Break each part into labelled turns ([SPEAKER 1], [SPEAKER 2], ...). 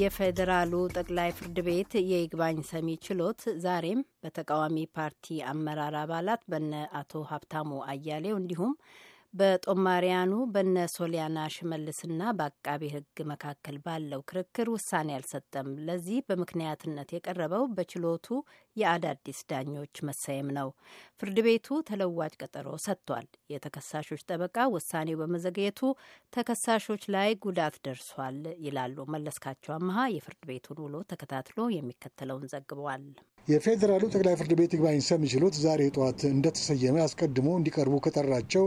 [SPEAKER 1] የፌዴራሉ ጠቅላይ ፍርድ ቤት የይግባኝ ሰሚ ችሎት ዛሬም በተቃዋሚ ፓርቲ አመራር አባላት በነ አቶ ሀብታሙ አያሌው እንዲሁም በጦማሪያኑ በነ ሶሊያና ሽመልስና በአቃቤ ሕግ መካከል ባለው ክርክር ውሳኔ አልሰጠም። ለዚህ በምክንያትነት የቀረበው በችሎቱ የአዳዲስ ዳኞች መሰየም ነው። ፍርድ ቤቱ ተለዋጭ ቀጠሮ ሰጥቷል። የተከሳሾች ጠበቃ ውሳኔው በመዘግየቱ ተከሳሾች ላይ ጉዳት ደርሷል ይላሉ። መለስካቸው አመሃ የፍርድ ቤቱን ውሎ ተከታትሎ የሚከተለውን ዘግበዋል።
[SPEAKER 2] የፌዴራሉ ጠቅላይ ፍርድ ቤት ይግባኝ ሰሚ ችሎት ዛሬ ጠዋት እንደተሰየመ አስቀድሞ እንዲቀርቡ ከጠራቸው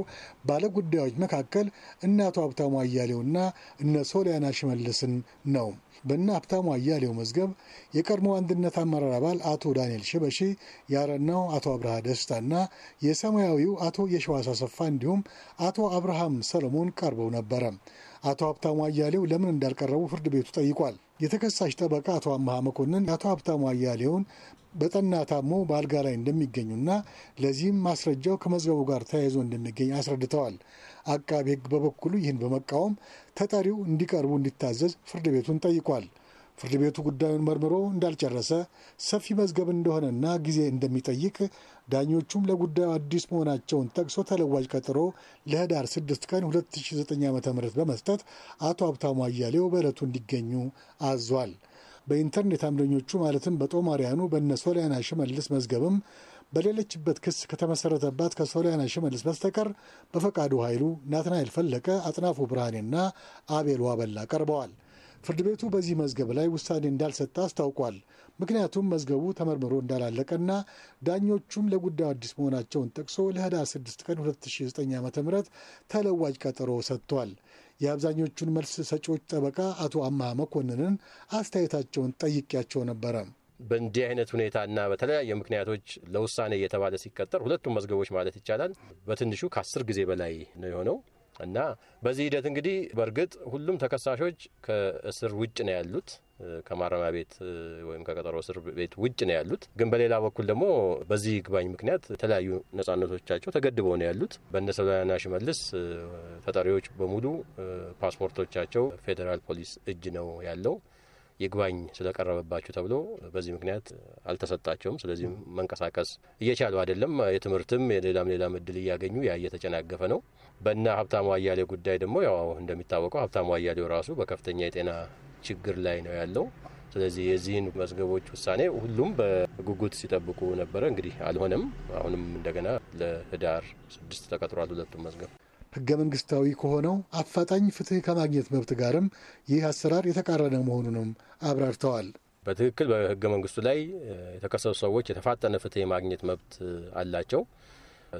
[SPEAKER 2] ባለጉዳዮች መካከል እነ አቶ ሀብታሙ አያሌውና እነ ሶሊያና ሽመልስን ነው። በእነ ሀብታሙ አያሌው መዝገብ የቀድሞ አንድነት አመራር አባል አቶ ዳንኤል ዳንኤል ሽበሺ፣ የአረናው አቶ አብርሃ ደስታና የሰማያዊው አቶ የሸዋስ አሰፋ እንዲሁም አቶ አብርሃም ሰለሞን ቀርበው ነበረ። አቶ ሀብታሙ አያሌው ለምን እንዳልቀረቡ ፍርድ ቤቱ ጠይቋል። የተከሳሽ ጠበቃ አቶ አምሃ መኮንን አቶ ሀብታሙ አያሌውን በጠና ታሞ በአልጋ ላይ እንደሚገኙና ለዚህም ማስረጃው ከመዝገቡ ጋር ተያይዞ እንደሚገኝ አስረድተዋል። አቃቤ ሕግ በበኩሉ ይህን በመቃወም ተጠሪው እንዲቀርቡ እንዲታዘዝ ፍርድ ቤቱን ጠይቋል። ፍርድ ቤቱ ጉዳዩን መርምሮ እንዳልጨረሰ ሰፊ መዝገብ እንደሆነና ጊዜ እንደሚጠይቅ ዳኞቹም ለጉዳዩ አዲስ መሆናቸውን ጠቅሶ ተለዋጭ ቀጠሮ ለህዳር 6 ቀን 2009 ዓ ም በመስጠት አቶ ሀብታሙ አያሌው በዕለቱ እንዲገኙ አዟል። በኢንተርኔት አምደኞቹ ማለትም በጦማሪያኑ በነ ሶሊያና ሽመልስ መዝገብም በሌለችበት ክስ ከተመሰረተባት ከሶሊያና ሽመልስ በስተቀር በፈቃዱ ኃይሉ፣ ናትናኤል ፈለቀ፣ አጥናፉ ብርሃኔና አቤል ዋበላ ቀርበዋል። ፍርድ ቤቱ በዚህ መዝገብ ላይ ውሳኔ እንዳልሰጠ አስታውቋል። ምክንያቱም መዝገቡ ተመርምሮ እንዳላለቀና ዳኞቹም ለጉዳዩ አዲስ መሆናቸውን ጠቅሶ ለህዳር 6 ቀን 2009 ዓ ም ተለዋጅ ቀጠሮ ሰጥቷል። የአብዛኞቹን መልስ ሰጪዎች ጠበቃ አቶ አማ መኮንንን አስተያየታቸውን ጠይቄያቸው ነበረ።
[SPEAKER 3] በእንዲህ አይነት ሁኔታና በተለያየ ምክንያቶች ለውሳኔ እየተባለ ሲቀጠር ሁለቱም መዝገቦች ማለት ይቻላል በትንሹ ከአስር ጊዜ በላይ ነው የሆነው እና በዚህ ሂደት እንግዲህ በእርግጥ ሁሉም ተከሳሾች ከእስር ውጭ ነው ያሉት ከማረሚያ ቤት ወይም ከቀጠሮ እስር ቤት ውጭ ነው ያሉት። ግን በሌላ በኩል ደግሞ በዚህ ይግባኝ ምክንያት የተለያዩ ነጻነቶቻቸው ተገድበው ነው ያሉት። በእነ ሽመልስ ተጠሪዎች በሙሉ ፓስፖርቶቻቸው ፌዴራል ፖሊስ እጅ ነው ያለው። ይግባኝ ስለቀረበባቸው ተብሎ በዚህ ምክንያት አልተሰጣቸውም። ስለዚህ መንቀሳቀስ እየቻሉ አይደለም። የትምህርትም የሌላም ሌላም እድል እያገኙ ያ እየተጨናገፈ ነው። በና ሀብታሙ አያሌ ጉዳይ ደግሞ ያው እንደሚታወቀው ሀብታሙ አያሌው ራሱ በከፍተኛ የጤና ችግር ላይ ነው ያለው። ስለዚህ የዚህን መዝገቦች ውሳኔ ሁሉም በጉጉት ሲጠብቁ ነበረ። እንግዲህ አልሆነም። አሁንም እንደገና ለህዳር ስድስት ተቀጥሯል ሁለቱም መዝገብ
[SPEAKER 2] ህገ መንግስታዊ ከሆነው አፋጣኝ ፍትህ ከማግኘት መብት ጋርም ይህ አሰራር የተቃረነ መሆኑንም አብራርተዋል።
[SPEAKER 3] በትክክል በህገ መንግስቱ ላይ የተከሰሱ ሰዎች የተፋጠነ ፍትህ የማግኘት መብት አላቸው።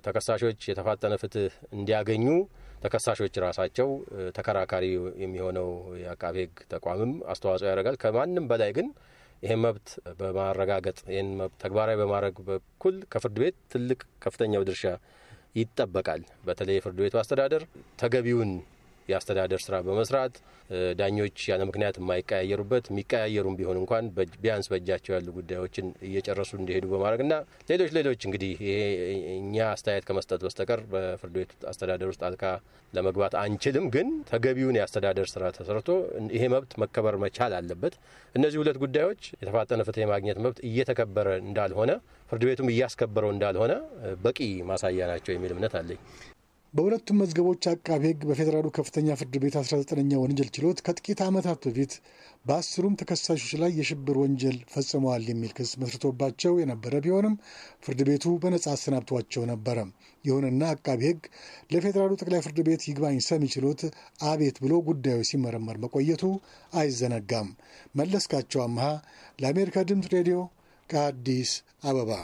[SPEAKER 3] ተከሳሾች የተፋጠነ ፍትህ እንዲያገኙ ተከሳሾች ራሳቸው ተከራካሪ የሚሆነው የአቃቤ ህግ ተቋምም አስተዋጽኦ ያደርጋል። ከማንም በላይ ግን ይህን መብት በማረጋገጥ ይህን መብት ተግባራዊ በማድረግ በኩል ከፍርድ ቤት ትልቅ ከፍተኛው ድርሻ ይጠበቃል። በተለይ የፍርድ ቤቱ አስተዳደር ተገቢውን የአስተዳደር ስራ በመስራት ዳኞች ያለ ምክንያት የማይቀያየሩበት የሚቀያየሩም ቢሆን እንኳን ቢያንስ በእጃቸው ያሉ ጉዳዮችን እየጨረሱ እንዲሄዱ በማድረግና ሌሎች ሌሎች እንግዲህ ይሄ እኛ አስተያየት ከመስጠት በስተቀር በፍርድ ቤት አስተዳደር ውስጥ አልካ ለመግባት አንችልም። ግን ተገቢውን የአስተዳደር ስራ ተሰርቶ ይሄ መብት መከበር መቻል አለበት። እነዚህ ሁለት ጉዳዮች የተፋጠነ ፍትህ የማግኘት መብት እየተከበረ እንዳልሆነ፣ ፍርድ ቤቱም እያስከበረው እንዳልሆነ በቂ ማሳያ ናቸው የሚል እምነት አለኝ።
[SPEAKER 2] በሁለቱም መዝገቦች አቃቢ ሕግ በፌዴራሉ ከፍተኛ ፍርድ ቤት 19ኛ ወንጀል ችሎት ከጥቂት ዓመታት በፊት በአስሩም ተከሳሾች ላይ የሽብር ወንጀል ፈጽመዋል የሚል ክስ መስርቶባቸው የነበረ ቢሆንም ፍርድ ቤቱ በነጻ አሰናብቷቸው ነበረ። ይሁንና አቃቢ ሕግ ለፌዴራሉ ጠቅላይ ፍርድ ቤት ይግባኝ ሰሚ ችሎት አቤት ብሎ ጉዳዩ ሲመረመር መቆየቱ አይዘነጋም። መለስካቸው አምሃ ለአሜሪካ ድምፅ ሬዲዮ ከአዲስ አበባ